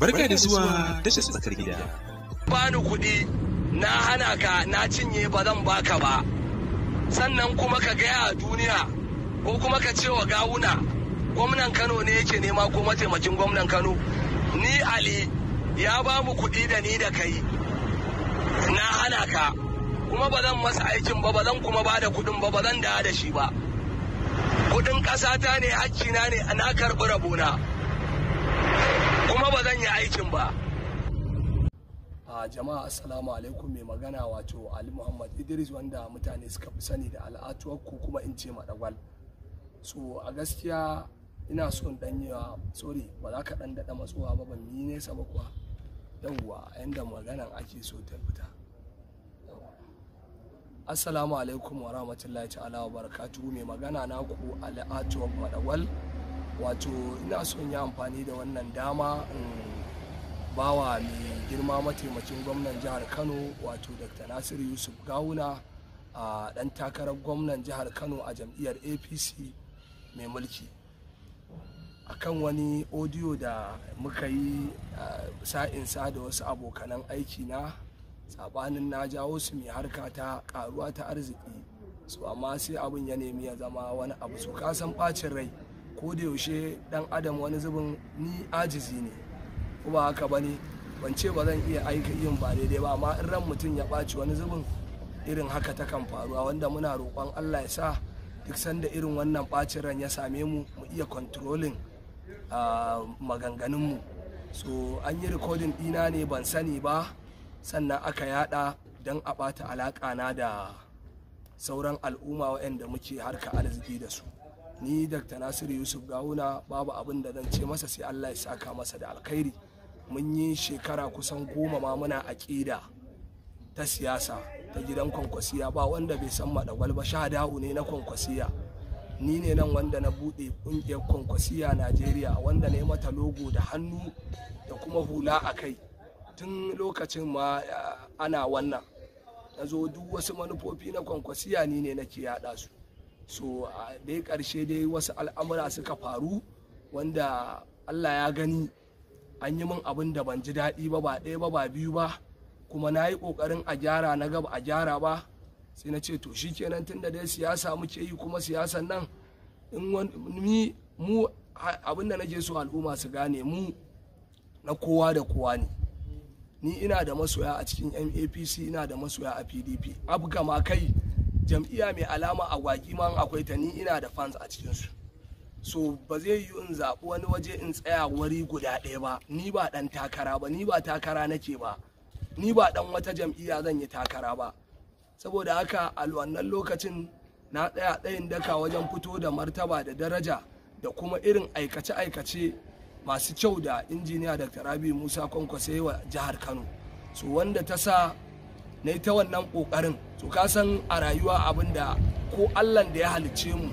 Barka da zuwa tashar tsakar gida. Bani kuɗi na hana ka na cinye ba zan baka ba. Sannan kuma ka gaya a duniya ko kuma ka ce wa gawuna gwamnan Kano ne yake nema ko mataimakin gwamnan Kano. Ni Ali ya ba mu kuɗi da ni da kai. Na hana ka kuma ba zan masa aikin ba ba zan kuma ba da kuɗin ba ba zan da dashi shi ba. Kuɗin ƙasata ne hakkina ne na karɓi rabona. zan yi aikin ba a jama'a assalamu alaikum mai magana wato ali muhammad idris wanda mutane suka fi sani da al'atuwar ko kuma in ce madagwal so a gaskiya ina son danyewa sorry ba za ka dan daɗa matsuwa ba ban yi nesa ba kuwa yawwa yanda maganan ake so ta fita assalamu alaikum wa rahmatullahi ta'ala wa barakatuhu mai magana na naku al'atuwar madagwal wato ina son ya yi amfani da wannan dama in bawa mai girma mataimakin gwamnan jihar kano wato dr nasiru yusuf gawuna a dan takarar gwamnan jihar kano a jam'iyyar apc mai mulki akan wani odiyo da muka yi sa'insa da wasu abokanan aiki na sabanin na jawo su mai harka ta karuwa ta arziki su amma sai abin ya nemi ya zama wani abu su kasan bacin rai ko da yaushe dan adam wani zubin ni ajizi ne ko ba haka bane ban ce ba zan iya aika yin ba daidai ba amma in ran mutum ya ɓaci wani zubin irin haka ta kan faruwa wanda muna roƙon Allah ya sa duk sanda irin wannan ɓacin ran ya same mu mu iya controlling maganganun mu so an yi recording ɗina ne ban sani ba sannan aka yada don a ɓata alaƙa na da sauran al'umma waɗanda muke harka arziki da su ni dr nasiru yusuf gawuna babu abin da zan ce masa sai allah ya saka masa da alkhairi mun yi shekara kusan goma ma muna aƙida ta siyasa ta gidan kwankwasiya ba wanda bai san dagwal ba shada'u ne na kwankwasiya ni ne nan wanda na buɗe ƙungiyar kwankwasiya najeriya wanda na yi mata logo da hannu da kuma hula a kai tun lokacin ma eh, ana wannan na zo duk wasu manufofi na kwankwasiya ni ne nake yaɗa su so a dai ƙarshe dai wasu al'amura suka faru wanda allah ya gani an yi min abin da ban ji daɗi ba ba ɗaya ba ba biyu ba kuma na yi ƙoƙarin a gyara na gaba a gyara ba sai na ce to shi kenan da dai siyasa muke yi kuma siyasan nan in mu abin da nake so al'umma su gane mu na kowa da kowa ne ni ina da masoya a cikin mapc ina da masoya a pdp abga ma kai jam'iyya mai alama a agwagi man akwai ta ni ina da fans a cikinsu so ba zai yi in zaɓi wani waje in tsaya wari guda ɗaya ba ni ba ɗan takara ba ni ba takara nake ba ni ba ɗan wata jam'iyya zan yi takara ba saboda haka a wannan lokacin na tsaya ɗayin daka wajen fito da martaba da daraja da kuma irin aikace-aikace masu kyau da injiniya dr rabi musa kwankwasa wa jihar kano so wanda ta sa na yi ta wannan ƙoƙarin to ka san a rayuwa abin da ko allah da ya halicce mu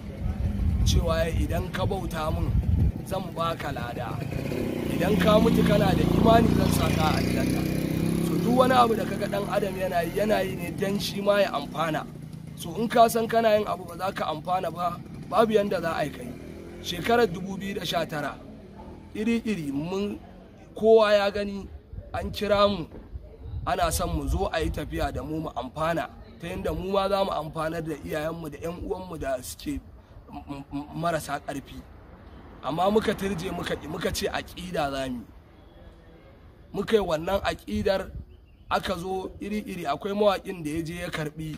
cewa idan ka bauta mun zan ba ka lada idan ka mutu kana da imani zan saka aljanna so duk wani abu da kaga dan adam yana yi yana yi ne dan shi ma ya amfana so in ka san kana yin abu ba za ka amfana ba babu yanda za a yi kai shekarar 2019 iri-iri mun kowa ya gani an kira mu ana son mu zo a yi tafiya da mu mu amfana ta yadda mu ma za mu amfanar da iyayenmu da 'yan uwanmu da suke marasa ƙarfi amma muka turje muka ce aƙida za mu muka yi wannan aƙidar aka zo iri-iri akwai mawaƙin da ya je ya karɓi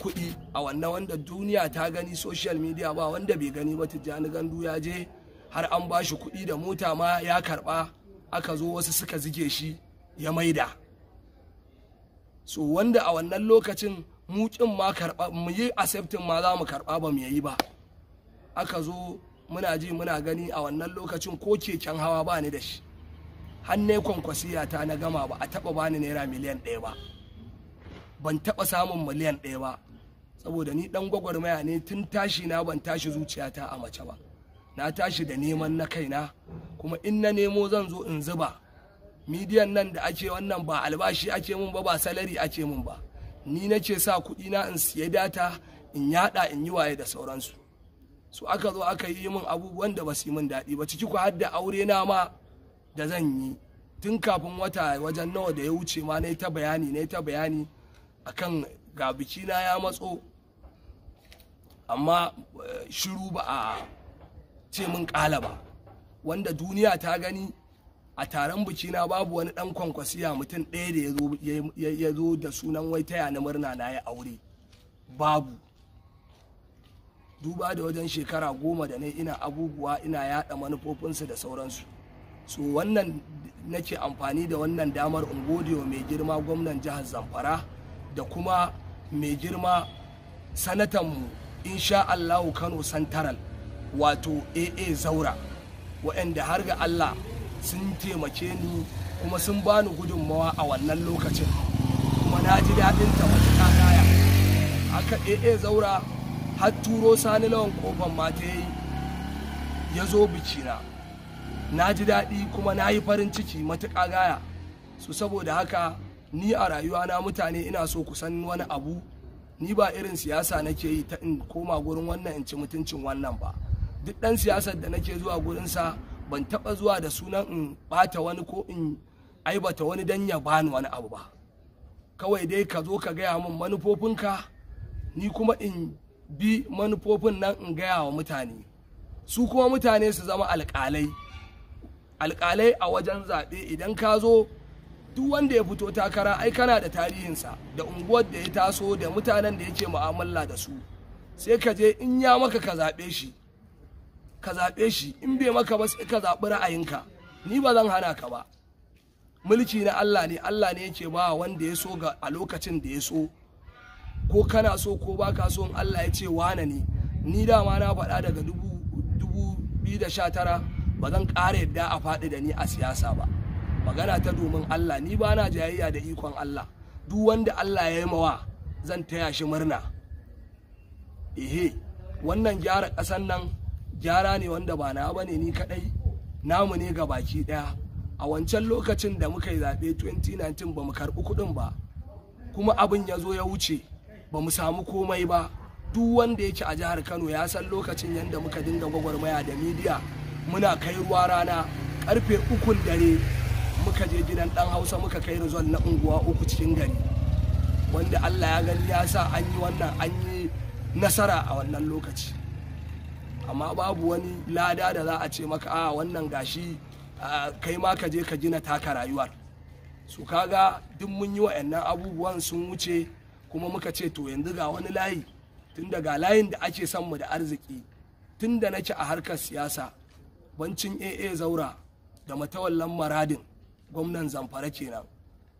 kuɗi a wannan wanda duniya ta gani social media ba wanda bai gani ba tijjani gandu ya je har an ba shi kuɗi da mota ma ya karɓa aka zo wasu suka zige shi ya maida so wanda a wannan lokacin mu ma karba mu yi ma za mu karba ba mu yi ba aka zo muna ji muna gani a wannan lokacin ko keken hawa ba ni da shi hannai kwankwasiya ta na gama ba a taba bani naira miliyan ɗaya ba ban taɓa samun miliyan ɗaya ba saboda ni ɗan gwagwarmaya ne tun tashi na ban tashi zuciyata a mace ba na tashi da neman na kaina kuma in na nemo zan zo in zuba midiyan nan da ake wannan ba albashi ake mun ba ba salari ake mun ba ni na ce sa kuɗi na in siya data in yada in yi waye da sauransu su aka zo aka yi min abubuwan da ba su yi min daɗi ba ciki ku har da aure na ma da zan yi tun kafin wata wajen nawa da ya wuce ma na ta bayani na ta bayani akan ga biki na ya matso amma eh, shiru ba a ce min ƙala ba wanda duniya ta gani a taron bikina babu wani dan kwankwasiya mutum ɗaya da ya zo da sunan wai taya na murna na ya aure babu duba da wajen shekara goma da na ina abubuwa ina yada manufofinsu da sauransu so wannan nake amfani da wannan damar ungodiyo mai girma gwamnan jihar zamfara da kuma mai girma sanatanmu insha allahu kano santaral wato aa zaura waɗanda har ga allah sun taimake ni kuma sun bani gudunmawa a wannan lokacin kuma na ji daɗin ta wata kaya aka ee zaura har turo sani lawan kofan mata yayi ya zo bikina na ji daɗi kuma na yi farin ciki matuƙa gaya su saboda haka ni a rayuwa na mutane ina so ku san wani abu ni ba irin siyasa nake yi ta in koma gurin wannan in ci mutuncin wannan ba duk ɗan siyasar da nake zuwa gurinsa ban taɓa zuwa da sunan in ɓata wani ko in aibata wani dan ya bani wani abu ba kawai dai ka zo ka gaya min manufofinka ni kuma in bi manufofin nan in gaya wa mutane su kuma mutane su zama alƙalai alƙalai a wajen zaɓe idan ka zo duk wanda ya fito takara ai kana da tarihinsa da unguwar da ya taso da mutanen da yake mu'amala da su sai ka je in ya maka ka zaɓe shi ka zaɓe shi in bai maka ba sai ka zaɓi ra'ayinka ni ba zan hana ka ba mulki na Allah ne Allah ne yake ba wanda ya so ga a lokacin da ya so ko kana so ko baka so Allah ya ce wane ne ni dama na faɗa daga dubu biyu da sha tara ba zan ƙara yadda a faɗi da ni a siyasa ba magana ta domin Allah ni ba na jayayya da ikon Allah duk wanda Allah ya yi mawa zan taya shi murna ehe wannan gyara ƙasan nan gyara ne wanda ba na bane ni kadai namu ne ga baki daya a wancan lokacin da muka yi zaɓe 2019 ba mu karɓi kuɗin ba kuma abin ya zo ya wuce ba mu samu komai ba duk wanda yake a jihar kano ya san lokacin yadda muka dinga gwagwarmaya da midiya muna kai ruwa rana karfe ukun dare muka je gidan dan hausa muka kai rizon na unguwa uku cikin gari wanda allah ya gani ya sa an yi wannan an yi nasara a wannan lokaci amma babu wani lada da za a ce maka a ah, wannan gashi ah, kai ma ka je ka gina taka rayuwar su kaga duk mun yi wa'annan abubuwan sun wuce kuma muka ce to yanzu ga wani layi tun daga layin da ake son mu da arziki tun da nake a harkar siyasa bancin aa zaura da matawallan maradin gwamnan zamfara kenan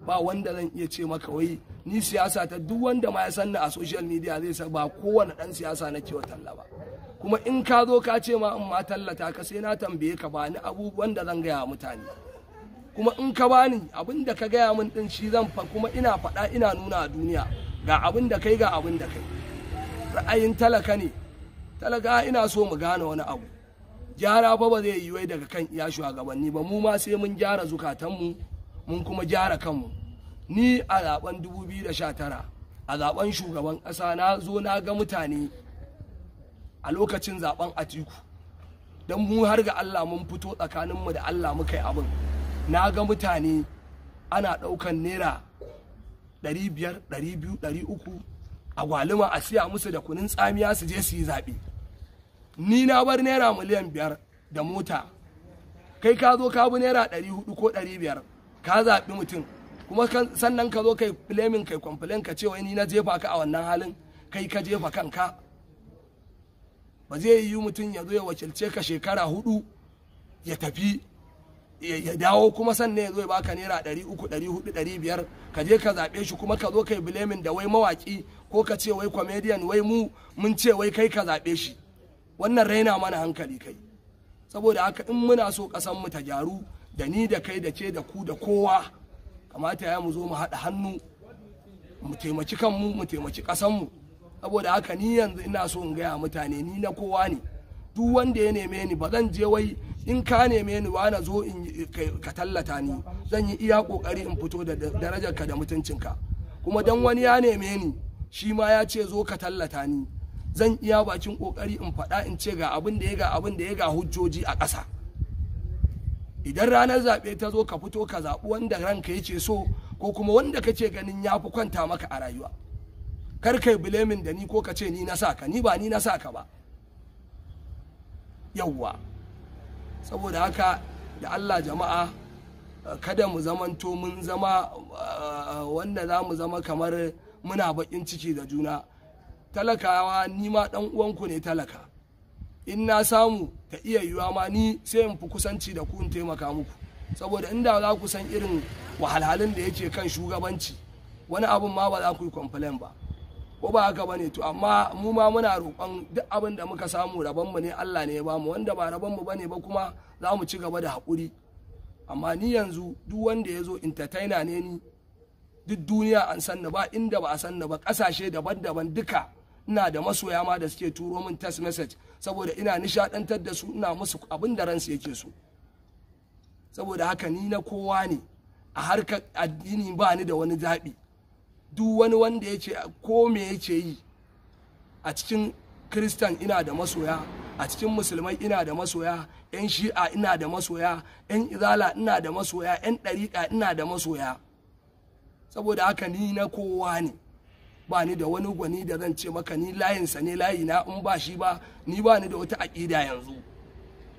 ba wanda zan iya ce maka wai ni siyasa ta duk wanda ma ya sanna a social media zai sa ba kowane dan siyasa na wa talla ba kuma in ka zo ka ce ma in ma tallata ka sai na tambaye ka bani abubuwan da zan gaya mutane kuma in ka bani abin da ka gaya min din shi zan fa kuma ina faɗa ina nuna a duniya ga abin da kai ga abin da kai ra'ayin talaka ne talaka ina so mu gane wani abu gyara fa ba zai yi wai daga kan iya shugabanni ba mu ma sai mun gyara zukatanmu mun kuma gyara kanmu ni a zaben 2019 a zaben shugaban ƙasa na zo na ga mutane a lokacin zaben atiku don mu har ga allah mun fito tsakaninmu da allah muka yi abin na ga mutane ana ɗaukan naira 500 300 a gwalima a siya musu da kunin tsamiya su je su yi zaɓe ni na bar naira miliyan biyar da mota kai ka zo ka bi naira 400 ko 500 ka zaɓi mutum kuma sannan ka zo kai flamin kai complain ka cewa ni na jefa ka a wannan halin kai ka jefa kanka ba zai yi mutum ya zo ya wakilce ka shekara hudu ya tafi ya dawo kuma sannan ya zo ya baka naira ɗari uku ɗari hudu ɗari biyar ka je ka zaɓe shi kuma ka zo kai bilemin da wai mawaki ko ka ce wai comedian wai mu mun ce wai kai ka zaɓe shi wannan raina mana hankali kai saboda haka in muna so ƙasar mu ta gyaru da ni da kai da ce da ku da kowa kamata ya mu zo mu haɗa hannu mu taimaci kanmu mu taimaci ƙasanmu saboda haka ni yanzu ina so in gaya mutane ni na kowa ne duk wanda ya neme ni ba zan je wai in ka neme ni wa na zo in ka tallata ni zan yi iya kokari in fito da darajar ka da mutuncinka kuma dan wani ya neme ni shi ma ya ce zo ka tallata ni zan iya bakin kokari in faɗa in ce ga abin da ya ga abin da ya ga hujjoji a ƙasa idan ranar zaɓe ta zo ka fito ka zaɓi wanda ranka yace so ko kuma wanda kace ganin ya fi kwanta maka a rayuwa kar kai bilemin da ni ko ka ce ni na sa ni ba ni na sa ba yawwa saboda haka da allah jama'a kada mu zamanto mun zama eh, wanda za mu zama kamar muna bakin ciki da juna talakawa ni ma ɗan uwanku ne talaka in na samu ka iya yiwuwa ma ni sai in fi kusanci da ku in taimaka muku saboda inda za ku san irin wahalhalun da yake kan shugabanci wani abun ma ba za ku yi complain ba ko ba haka bane to amma mu ma muna roƙon duk abin da muka samu rabon mu ne Allah ne ya bamu wanda ba rabon mu bane ba kuma za mu ci gaba da haƙuri amma ni yanzu duk wanda ya zo entertainer ne ni duk duniya an sanna ba inda ba a sanna ba kasashe daban-daban duka ina da masoya ma da suke turo min text message saboda ina nishadantar da su ina musu abin da ransu yake so saboda haka ni na kowa ne a harkar addini ba ni da wani zaɓi duk wani wanda ya ce ko me yake yi a cikin kristan ina da masoya a cikin musulmai ina da masoya 'yan shi'a ina da masoya 'yan izala ina da masoya 'yan ɗariƙa ina da masoya saboda haka ni na kowa ne ba ni da wani gwani da zan ce maka ni layinsa ne layi na in ba shi ba ni ba ni da wata aƙida yanzu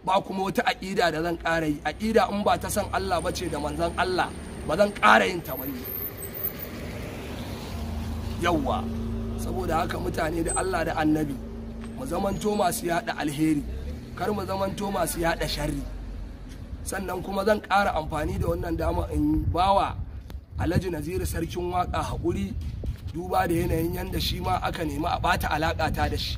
ba kuma wata aƙida da zan ƙara yi aƙida in ba ta san Allah ba ce da manzon Allah ba zan ƙara yin ta bane yawwa saboda haka mutane da Allah da annabi mu zamanto masu yaɗa alheri kar mu zamanto masu yaɗa sharri sannan kuma zan ƙara amfani da wannan dama in bawa alhaji naziru sarkin waƙa haƙuri duba da yanayin yadda shi ma aka nemi a bata alaƙa ta da shi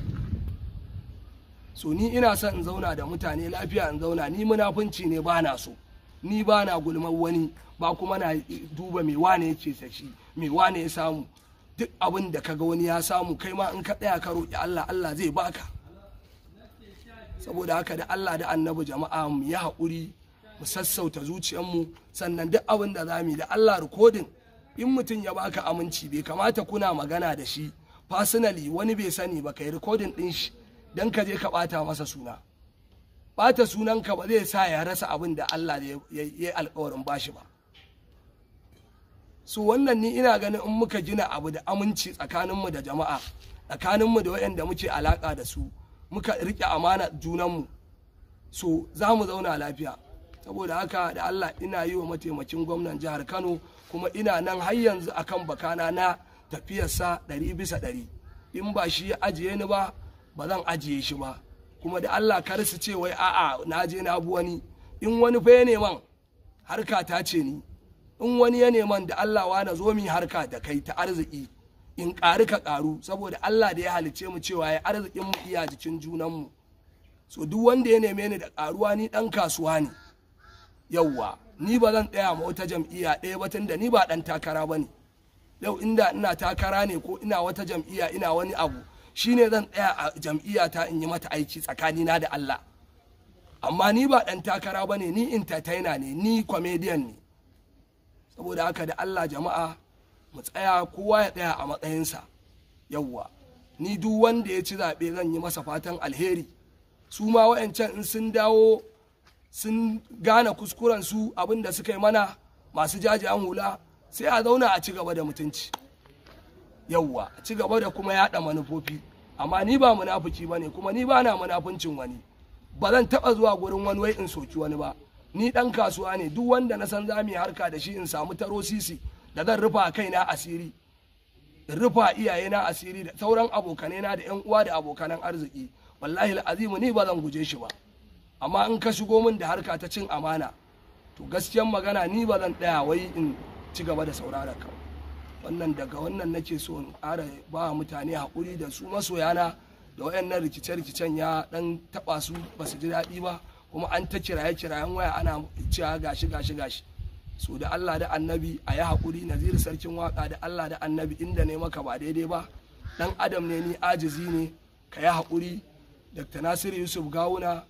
so ni ina son in zauna da mutane lafiya in zauna ni munafunci ne ba na so ni ba na gulman wani ba kuma na duba mai wane yake sashi me wane ya samu duk abin da kaga wani ya samu kai ma in ka tsaya ka roƙi Allah Allah zai baka saboda haka da Allah da annabi jama'a mu yi haƙuri mu sassauta zuciyarmu sannan duk abin da za mu yi da Allah rikodin in mutum ya baka aminci bai kamata kuna magana da shi personally wani bai sani ba kai recording din shi dan ka je ka bata masa suna bata sunan ka ba zai sa ya rasa abin da Allah ya yi alkawarin bashi ba su wannan ni ina ganin in muka gina abu da aminci tsakanin mu da jama'a tsakanin mu da waɗanda muke alaka da su muka rike amana junanmu so za mu zauna lafiya saboda haka da Allah ina yi wa mataimakin gwamnan jihar Kano kuma ina nan har yanzu akan bakana na tafiyarsa ɗari bisa ɗari in ba shi ya ajiye ni ba ba zan ajiye shi ba kuma da Allah kar su ce wai a'a na je na bu wani in wani fa ya neman harka ta ce ni in wani ya neman da Allah wa na zo mi harka da kai ta arziki in ƙari ka ƙaru saboda Allah da ya halicce mu cewa ya arzikin mu iya jikin junan mu so duk wanda ya neme ni da ƙaruwa ni ɗan kasuwa ne yauwa ni ba zan tsaya ma wata jam'iyya ɗaya ba tunda ni ba ɗan takara ba ne yau inda ina takara ne ko ina wata jam'iyya ina wani abu Shi ne zan tsaya a jam'iyya ta in yi mata aiki tsakani na da Allah amma ni ba ɗan takara ba ne ni entertainer ne ni comedian ne saboda haka da Allah jama'a mu tsaya kowa ya tsaya a matsayinsa yauwa ni duk wanda ya ci zaɓe zan yi masa fatan alheri su ma wa'ancan in sun dawo sun gane kuskuren su abin da suka yi mana masu jajayen hula sai a zauna a ci gaba da mutunci yauwa a ci gaba da kuma yaɗa manufofi amma ni ba munafuki ba ne kuma ni ba na munafuncin wani ba zan taɓa zuwa gurin wani wai in soki wani ba ni ɗan kasuwa ne duk wanda na san za mu yi harka da shi in samu taro sisi da zan rufa kaina asiri in rufa iyayena asiri da sauran abokanena da 'yan uwa da abokanan arziki wallahi al'azimu ni ba zan guje shi ba amma in ka shigo min da harka ta cin amana to gaskiyan magana ni ba zan ɗaya wai in ci gaba da saurara ka wannan daga wannan nake so in ƙara ba mutane haƙuri da su masoyana da wayannan rikice-rikicen ya ɗan taɓa su ba su ji daɗi ba kuma an ta kiraye-kirayen waya ana cewa gashi gashi gashi so da Allah da annabi a yi haƙuri naziri sarkin waƙa da Allah da annabi inda ne maka ba daidai ba dan adam ne ni ajizi ne ka yi haƙuri dr nasiru yusuf gawuna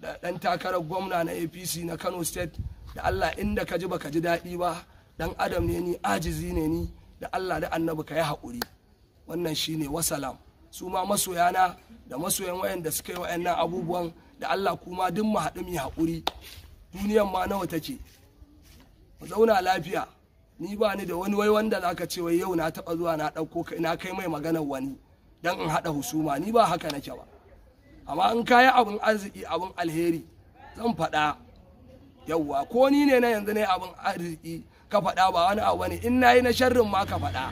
da ɗan takarar gwamna na apc na kano state da allah inda ka ji baka ji daɗi ba dan adam ne ni ajizi ne ni da allah da annabi ka yi haƙuri wannan shi ne wasalam su ma masoyana da masoyan wayanda suka yi wayannan abubuwan da allah kuma duk mu haɗu mu haƙuri duniyan ma nawa take mu zauna lafiya ni ba ni da wani wai wanda za ka ce wai yau na taɓa zuwa na ɗauko na kai mai maganar wani dan in haɗa husuma ni ba haka nake ba amma in ka yi abin arziki abin alheri zan faɗa yawwa ko ni ne na yanzu ne abin arziki ka faɗa ba wani abu ne in nayi na sharrin ma ka faɗa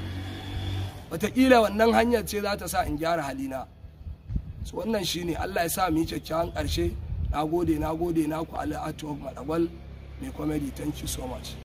wataƙila wannan hanyar ce za ta sa in gyara halina so wannan ne Allah ya sa mu yi kyakkyawan ƙarshe na gode na gode na ku Ali Madagwal mai comedy thank you so much